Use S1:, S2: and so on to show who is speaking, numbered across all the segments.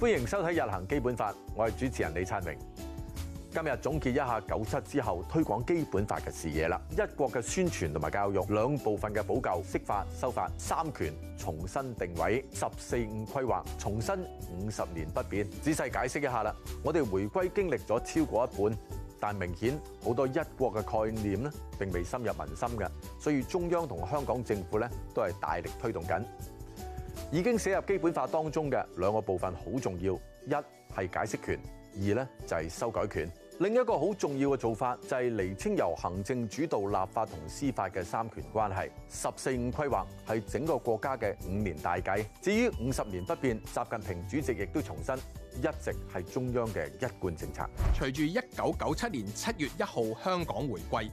S1: 歡迎收睇《日行基本法》，我係主持人李燦明。今日總結一下九七之後推廣基本法嘅視野啦。一國嘅宣傳同埋教育、兩部分嘅補救、釋法、修法、三權重新定位、十四五規劃、重申五十年不變。仔細解釋一下啦，我哋回歸經歷咗超過一半，但明顯好多一國嘅概念呢並未深入民心嘅，所以中央同香港政府呢，都係大力推動緊。已經寫入基本法當中嘅兩個部分好重要，一係解釋權，二咧就係修改權。另一個好重要嘅做法就係釐清由行政主導立法同司法嘅三權關係。十四五規劃係整個國家嘅五年大計。至於五十年不變，習近平主席亦都重申，一直係中央嘅一貫政策。隨住一九九七年七月一
S2: 號香港回歸，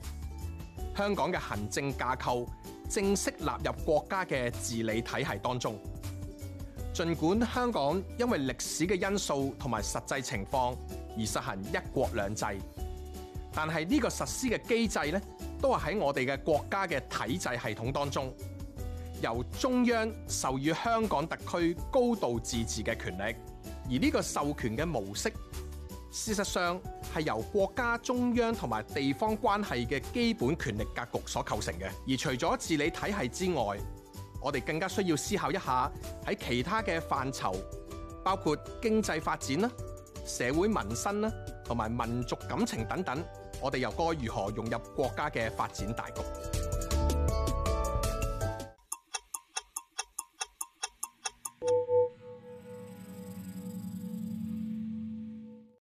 S2: 香港嘅行政架構正式納入國家嘅治理體系當中。儘管香港因為歷史嘅因素同埋實際情況而實行一國兩制，但係呢個實施嘅機制咧，都係喺我哋嘅國家嘅體制系統當中，由中央授予香港特區高度自治嘅權力，而呢個授權嘅模式，事實上係由國家中央同埋地方關係嘅基本權力格局所構成嘅。而除咗治理體系之外，我哋更加需要思考一下喺其他嘅範疇，包括經濟發展啦、社會民生啦，同埋民族感情等等，我哋又該如何融入國家嘅發展大局？